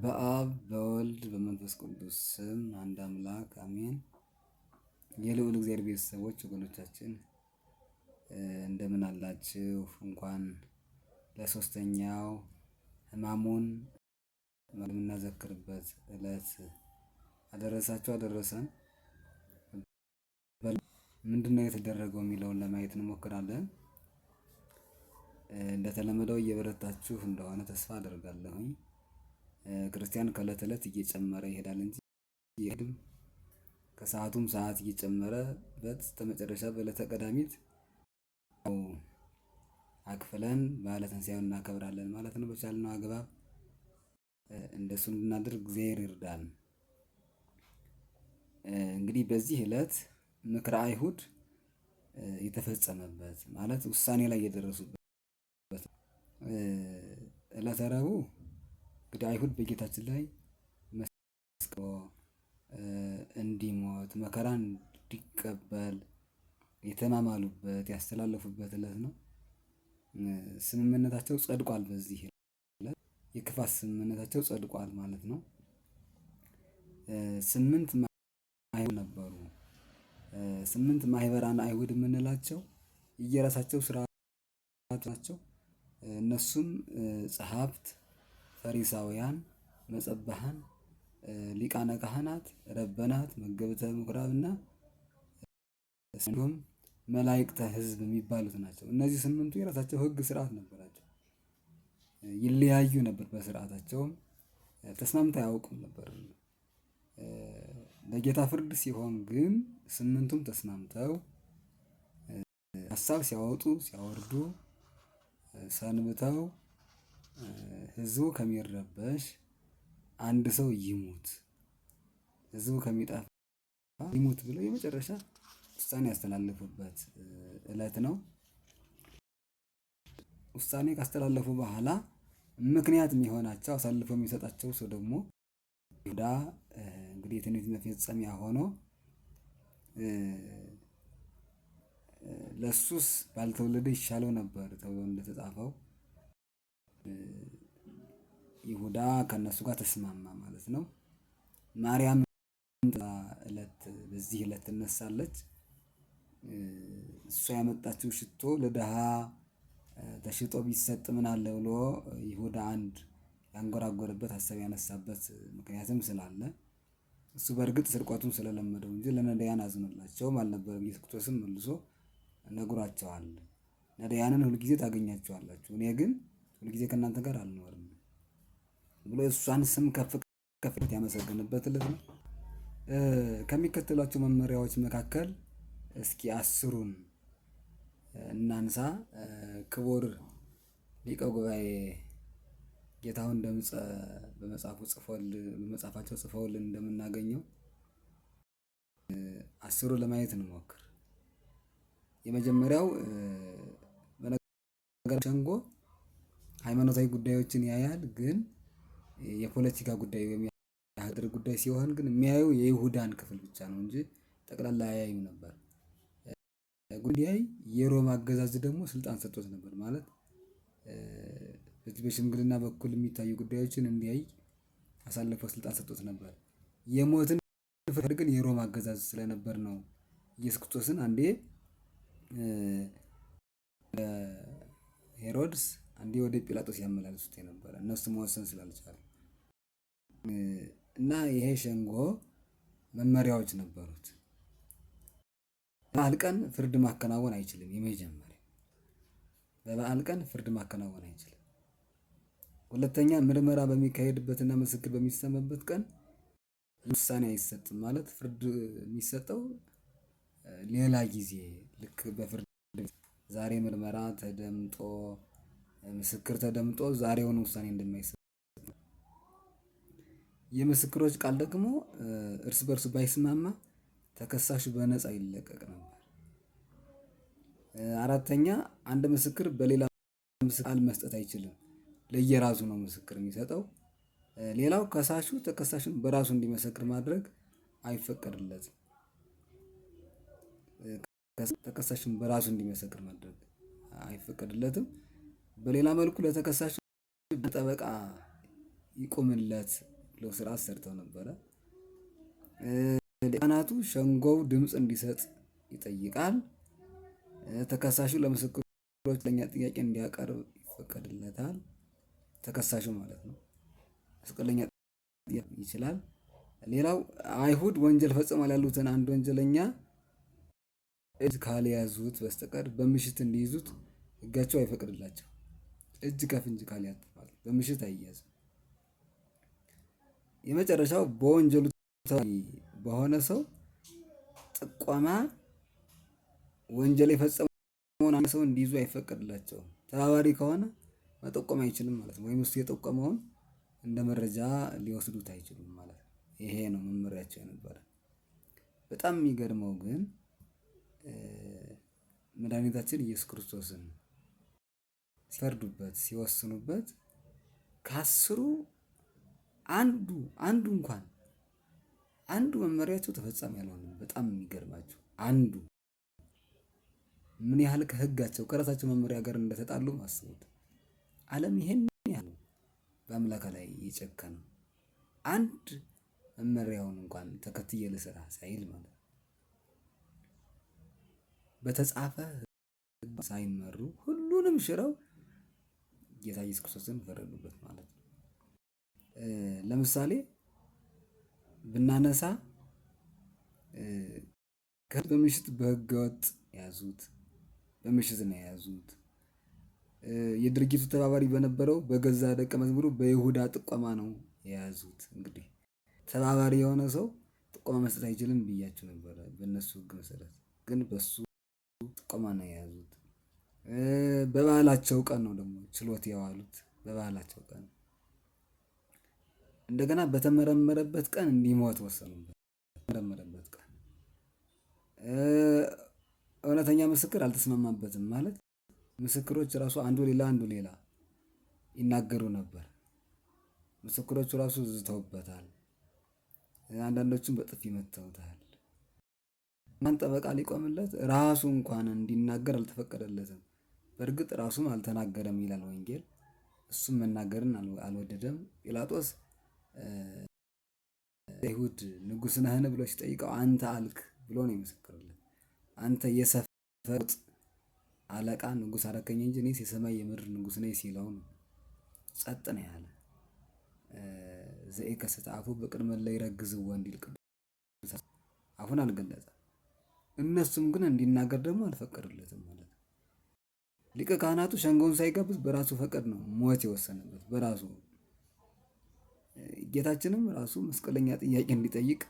በአብ በወልድ በመንፈስ ቅዱስ ስም አንድ አምላክ አሜን። የልዑል እግዚአብሔር ቤተሰቦች ወገኖቻችን እንደምን አላችሁ? እንኳን ለሶስተኛው ህማሙን የምናዘክርበት ዕለት አደረሳችሁ አደረሰን። ምንድን ነው የተደረገው የሚለውን ለማየት እንሞክራለን። እንደተለመደው እየበረታችሁ እንደሆነ ተስፋ አደርጋለሁኝ። ክርስቲያን ከእለት ዕለት እየጨመረ ይሄዳል እንጂ ይሄድም ከሰዓቱም ሰዓት እየጨመረ በስተመጨረሻ በዕለተ ቀዳሚት አክፍለን በዓለ ትንሣኤውን እናከብራለን ማለት ነው። በቻልነው አግባብ እንደሱ እንድናደርግ እግዚአብሔር ይርዳል። እንግዲህ በዚህ ዕለት ምክረ አይሁድ የተፈጸመበት ማለት ውሳኔ ላይ የደረሱበት ዕለተ ረቡዕ እንግዲህ አይሁድ በጌታችን ላይ መስቀ እንዲሞት መከራ እንዲቀበል የተማማሉበት ያስተላለፉበት ዕለት ነው። ስምምነታቸው ጸድቋል። በዚህ የክፋት ስምምነታቸው ጸድቋል ማለት ነው። ስምንት ማህበር ነበሩ። ስምንት ማህበራን አይሁድ የምንላቸው እየራሳቸው ስራ ናቸው። እነሱም ጸሐፍት ፈሪሳውያን፣ መጸባሃን፣ ሊቃነ ካህናት፣ ረበናት፣ መገብተ ምኩራብና እንዲሁም መላእክተ ሕዝብ የሚባሉት ናቸው። እነዚህ ስምንቱ የራሳቸው ሕግ ስርዓት ነበራቸው። ይለያዩ ነበር። በስርዓታቸውም ተስማምታ አያውቁም ነበር። ለጌታ ፍርድ ሲሆን ግን ስምንቱም ተስማምተው ሀሳብ ሲያወጡ ሲያወርዱ ሰንብተው ህዝቡ ከሚረበሽ አንድ ሰው ይሙት፣ ህዝቡ ከሚጠፋ ይሙት ብለው የመጨረሻ ውሳኔ ያስተላለፉበት እለት ነው። ውሳኔ ካስተላለፉ በኋላ ምክንያት የሚሆናቸው አሳልፎ የሚሰጣቸው ሰው ደግሞ ይሁዳ እንግዲህ የትንቢት መፈጸሚያ ሆኖ ለሱስ ባልተወለደ ይሻለው ነበር ተብሎ እንደተጻፈው ይሁዳ ከእነሱ ጋር ተስማማ ማለት ነው። ማርያም እለት በዚህ እለት ትነሳለች። እሷ ያመጣችው ሽቶ ለድሃ ተሽጦ ቢሰጥ ምን አለ ብሎ ይሁዳ አንድ ያንጎራጎረበት ሀሳብ ያነሳበት ምክንያትም ስላለ እሱ በእርግጥ ስርቆቱን ስለለመደው እንጂ ለነዳያን አዝኖላቸውም አልነበረም። ኢየሱስ ክርስቶስም መልሶ ነግሯቸዋል። ነዳያንን ሁልጊዜ ታገኛቸዋላችሁ፣ እኔ ግን ሁልጊዜ ከእናንተ ጋር አልኖርም ብሎ የእሷን ስም ከፍ ከፍ ያመሰገንበት ዕለት ነው። ከሚከተሏቸው መመሪያዎች መካከል እስኪ አስሩን እናንሳ። ክቡር ሊቀ ጉባኤ ጌታሁን ደምፀ በመጽሐፉ በመጽሐፋቸው ጽፈውልን እንደምናገኘው አስሩ ለማየት እንሞክር። የመጀመሪያው በነገር ሸንጎ ሃይማኖታዊ ጉዳዮችን ያያል ግን የፖለቲካ ጉዳይ ወይም የሀገር ጉዳይ ሲሆን ግን የሚያዩ የይሁዳን ክፍል ብቻ ነው እንጂ ጠቅላላ አያዩ ነበር። ጉዳይ የሮማ አገዛዝ ደግሞ ስልጣን ሰጥቶት ነበር ማለት በዚህ በሽምግልና በኩል የሚታዩ ጉዳዮችን እንዲያይ አሳልፎ ስልጣን ሰጥቶት ነበር። የሞትን ፍርድ ግን የሮማ አገዛዝ ስለነበር ነው ኢየሱስ ክርስቶስን አንዴ ሄሮድስ አንዴ ወደ ጲላጦስ ያመላልሱት የነበረ እነሱ መወሰን ስላልቻሉ እና ይሄ ሸንጎ መመሪያዎች ነበሩት። በበዓል ቀን ፍርድ ማከናወን አይችልም። የመጀመሪያ በበዓል ቀን ፍርድ ማከናወን አይችልም። ሁለተኛ ምርመራ በሚካሄድበትና ምስክር በሚሰማበት ቀን ውሳኔ አይሰጥም። ማለት ፍርድ የሚሰጠው ሌላ ጊዜ ልክ በፍርድ ዛሬ ምርመራ ተደምጦ ምስክር ተደምጦ ዛሬውን ውሳኔ እንደማይሰጥ የምስክሮች ቃል ደግሞ እርስ በርሱ ባይስማማ ተከሳሹ በነፃ ይለቀቅ ነበር። አራተኛ አንድ ምስክር በሌላ ቃል መስጠት አይችልም። ለየራሱ ነው ምስክር የሚሰጠው። ሌላው ከሳሹ ተከሳሹን በራሱ እንዲመሰክር ማድረግ አይፈቀድለትም። ተከሳሹን በራሱ እንዲመሰክር ማድረግ አይፈቀድለትም። በሌላ መልኩ ለተከሳሹ ጠበቃ ይቁምለት ስራ ሰርተው ነበረ። ካህናቱ ሸንጎው ድምፅ እንዲሰጥ ይጠይቃል። ተከሳሹ ለምስክሮች ለኛ ጥያቄ እንዲያቀርብ ይፈቀድለታል። ተከሳሹ ማለት ነው። አስቀለኛ ይችላል። ሌላው አይሁድ ወንጀል ፈጽሟል ያሉትን አንድ ወንጀለኛ እጅ ካልያዙት በስተቀር በምሽት እንዲይዙት ሕጋቸው አይፈቅድላቸው። እጅ ከፍንጅ ካልያዙት በምሽት አይያዝም። የመጨረሻው በወንጀሉ በሆነ ሰው ጥቆማ ወንጀል የፈጸመውን ሰው እንዲይዙ አይፈቀድላቸውም። ተባባሪ ከሆነ መጠቆም አይችልም ማለት ነው። ወይም እሱ የጠቆመውን እንደ መረጃ ሊወስዱት አይችሉም ማለት ነው። ይሄ ነው መመሪያቸው የነበረ። በጣም የሚገርመው ግን መድኃኒታችን ኢየሱስ ክርስቶስን ሲፈርዱበት ሲወስኑበት ከአስሩ አንዱ አንዱ እንኳን አንዱ መመሪያቸው ተፈጻሚ ያልሆነ በጣም የሚገርማቸው አንዱ ምን ያህል ከህጋቸው ከራሳቸው መመሪያ ጋር እንደተጣሉ አስቡት። ዓለም ይሄን ያህል በአምላካ ላይ የጨከነ አንድ መመሪያውን እንኳን ተከትዬ ልስራ ሳይል ማለት በተጻፈ ሳይመሩ ሁሉንም ሽረው ጌታ ኢየሱስ ክርስቶስን ፈረዱበት ማለት ነው። ለምሳሌ ብናነሳ በምሽት በህገወጥ ያዙት በምሽት ነው የያዙት። የድርጊቱ ተባባሪ በነበረው በገዛ ደቀ መዝሙሩ በይሁዳ ጥቆማ ነው የያዙት። እንግዲህ ተባባሪ የሆነ ሰው ጥቆማ መስጠት አይችልም ብያቸው ነበረ። በእነሱ ህግ መሰረት ግን በሱ ጥቆማ ነው የያዙት። በባህላቸው ቀን ነው ደግሞ ችሎት የዋሉት በባህላቸው ቀን እንደገና በተመረመረበት ቀን እንዲሞት ወሰኑበት። ቀን እውነተኛ ምስክር አልተስማማበትም። ማለት ምስክሮች ራሱ አንዱ ሌላ አንዱ ሌላ ይናገሩ ነበር። ምስክሮቹ ራሱ ዝተውበታል። አንዳንዶቹም በጥፊ መተውታል። ማን ጠበቃ ሊቆምለት ራሱ እንኳን እንዲናገር አልተፈቀደለትም። በእርግጥ ራሱም አልተናገረም ይላል ወንጌል። እሱም መናገርን አልወደደም ጲላጦስ አይሁድ ንጉስ ነህን ብሎ ሲጠይቀው አንተ አልክ ብሎ ነው የመሰከረለት። አንተ የሰፈር አለቃ ንጉስ አረከኝ እንጂ እኔስ የሰማይ የምድር ንጉስ ነኝ ሲለው ነው ጸጥ ነው ያለ። ዘኢከስት አፉ በቅድመ ረግዝ ወንድ ይልቅ አፉን አልገለጸ። እነሱም ግን እንዲናገር ደግሞ አልፈቀዱለትም ማለት ነው። ሊቀ ካህናቱ ሸንጎውን ሳይጋብዝ በራሱ ፈቀድ ነው ሞት የወሰነበት በራሱ ጌታችንም ራሱ መስቀለኛ ጥያቄ እንዲጠይቅ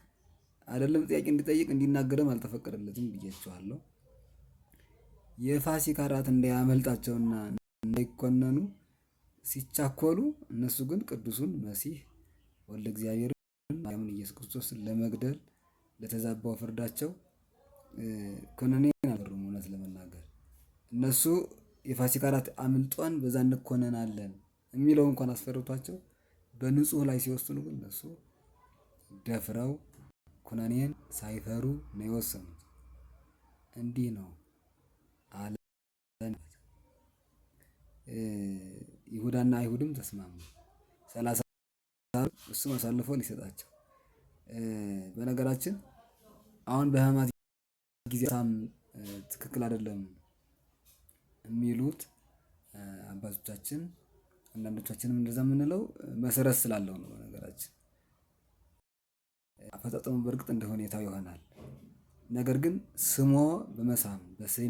አይደለም ጥያቄ እንዲጠይቅ እንዲናገርም አልተፈቀደለትም ብያቸዋለሁ። የፋሲካ ራት እንዳያመልጣቸውና እንዳይኮነኑ ሲቻኮሉ፣ እነሱ ግን ቅዱሱን መሲህ ወልደ እግዚአብሔርን ማርያምን ኢየሱስ ክርስቶስን ለመግደል ለተዛባው ፍርዳቸው ኮነኔን አልበሩም። እውነት ለመናገር እነሱ የፋሲካ ራት አምልጧን በዛ እንኮነናለን የሚለው እንኳን አስፈርቷቸው በንጹህ ላይ ሲወስኑ ግን እነሱ ደፍረው ኩነኔን ሳይፈሩ ነው የወሰኑት። እንዲህ ነው አለ። ይሁዳና አይሁድም ተስማሙ። ሰላሳ እሱም አሳልፎ ሊሰጣቸው በነገራችን አሁን በሕማማት ጊዜ ሳም ትክክል አይደለም የሚሉት አባቶቻችን አንዳንዶቻችንም እንደዛ የምንለው መሰረት ስላለው ነው። ነገራችን አፈጻጸሙ በእርግጥ እንደ ሁኔታው ይሆናል። ነገር ግን ስሞ በመሳም በስኢ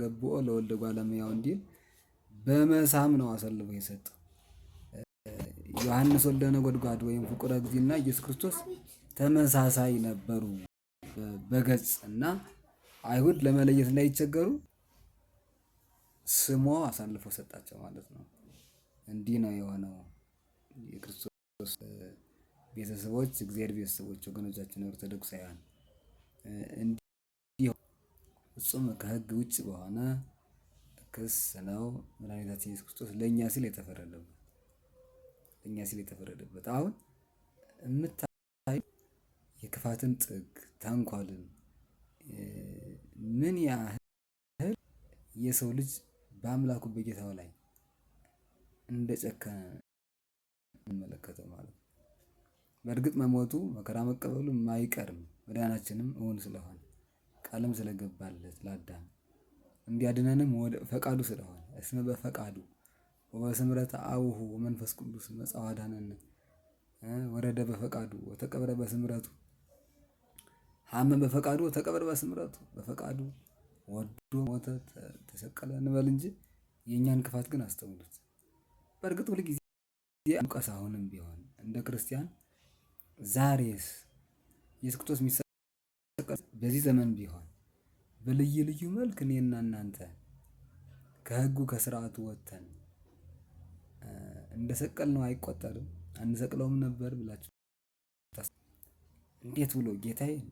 ገብኦ ለወልደ ጓለሙያው እንዲል በመሳም ነው አሳልፎ የሰጠው። ዮሐንስ ወልደ ነጎድጓድ ወይም ፍቁረ እና ኢየሱስ ክርስቶስ ተመሳሳይ ነበሩ በገጽ እና አይሁድ ለመለየት እንዳይቸገሩ ስሞ አሳልፎ ሰጣቸው ማለት ነው። እንዲህ ነው የሆነው። የክርስቶስ ቤተሰቦች እግዚአብሔር ቤተሰቦች ወገኖቻችን ኦርቶዶክሳውያን እንዲህ ፍጹም ከህግ ውጭ በሆነ ክስ ነው መድኃኒታችን ኢየሱስ ክርስቶስ ለእኛ ሲል የተፈረደበት ለእኛ ሲል የተፈረደበት። አሁን የምታዩ የክፋትን ጥግ ታንኳልን ምን ያህል የሰው ልጅ በአምላኩ በጌታው ላይ እንደ ጨከነ እንመለከተው ማለት ነው። በእርግጥ መሞቱ መከራ መቀበሉ የማይቀርም መዳናችንም እውን ስለሆነ ቃልም ስለገባለት ለአዳም እንዲያድነንም ወደ ፈቃዱ ስለሆነ እስመ በፈቃዱ ወበስምረተ አቡሁ መንፈስ ቅዱስ መጽአ ወአዳነነ ወረደ በፈቃዱ ወተቀብረ በስምረቱ ሐመ በፈቃዱ ወተቀብረ በስምረቱ በፈቃዱ ወዶ ሞተ ተሰቀለ እንበል እንጂ የእኛን ክፋት ግን አስተውሉት። በእርግጥ ሁል ጊዜ ሙቀስ አሁንም ቢሆን እንደ ክርስቲያን ዛሬስ ኢየሱስ ክርስቶስ የሚሰቀል በዚህ ዘመን ቢሆን በልዩ ልዩ መልክ እኔና እናንተ ከህጉ ከስርዓቱ ወጥተን እንደሰቀል ነው አይቆጠርም። አንሰቅለውም ነበር ብላችሁ እንዴት ብሎ ጌታዬን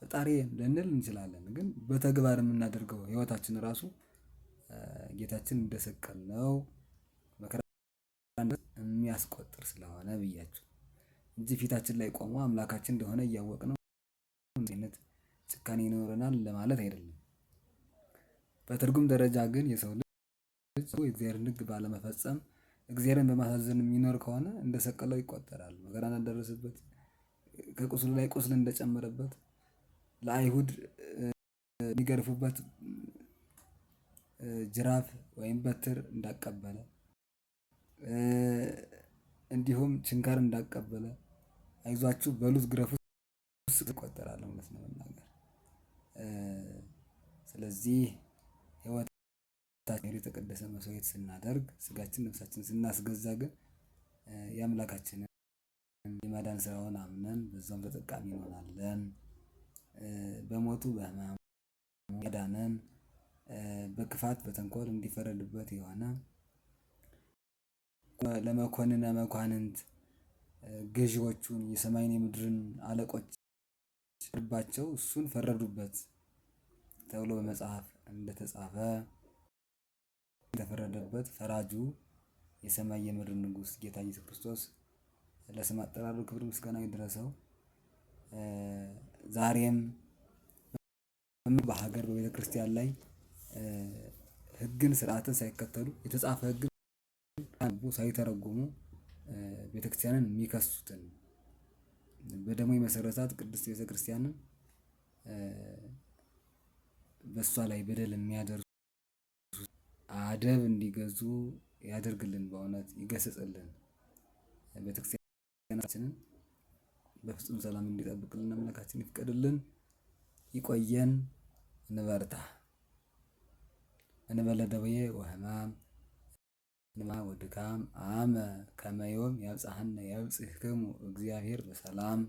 ፈጣሪዬን ልንል እንችላለን። ግን በተግባር የምናደርገው ህይወታችን ራሱ ጌታችን እንደሰቀል ነው። የሚያስቆጥር ስለሆነ ብያቸው እንጂ ፊታችን ላይ ቆሞ አምላካችን እንደሆነ ነው አይነት ጭካኔ ይኖረናል ለማለት አይደለም። በትርጉም ደረጃ ግን የሰው ልጅ የእግዚአብሔርን ሕግ ባለመፈጸም እግዚአብሔርን በማሳዘን የሚኖር ከሆነ እንደሰቀለው ይቆጠራል። መከራ እንዳደረሰበት ከቁስሉ ላይ ቁስል እንደጨመረበት ለአይሁድ የሚገርፉበት ጅራፍ ወይም በትር እንዳቀበለ እንዲሁም ችንካር እንዳቀበለ አይዟችሁ በሉት ግረፉ ይቆጠራል እውነት ነው መናገር። ስለዚህ ህይወታችን የተቀደሰ መስዋዕት ስናደርግ ስጋችን ነፍሳችን ስናስገዛ ግን የአምላካችንን የማዳን ስራውን አምነን በዛም ተጠቃሚ እንሆናለን። በሞቱ በህማሙ ያዳነን በክፋት በተንኮል እንዲፈረድበት የሆነ ለመኮንነ መኳንንት ገዢዎቹን የሰማይን የምድርን አለቆች ባቸው እሱን ፈረዱበት ተብሎ በመጽሐፍ እንደተጻፈ ተፈረደበት ፈራጁ የሰማይ የምድር ንጉስ ጌታ ኢየሱስ ክርስቶስ ለስም አጠራሩ ክብር ምስጋና ይድረሰው። ዛሬም በሀገር በቤተክርስቲያን ላይ ህግን ስርዓትን ሳይከተሉ የተጻፈ ህግ አንብቦ ሳይተረጉሙ ቤተክርስቲያንን የሚከሱትን በደሞ የመሰረታት ቅድስት ቤተክርስቲያንን በእሷ ላይ በደል የሚያደርሱ አደብ እንዲገዙ ያደርግልን፣ በእውነት ይገሰጽልን፣ ቤተክርስቲያናችንን በፍጹም ሰላም እንዲጠብቅልን አምላካችን ይፍቀድልን። ይቆየን። እንበርታ። እንበለ ደዌ ወሕማም ንባብ ወድካም አመ ከመዮም ያብጽሐነ ያብጽሕክሙ እግዚአብሔር በሰላም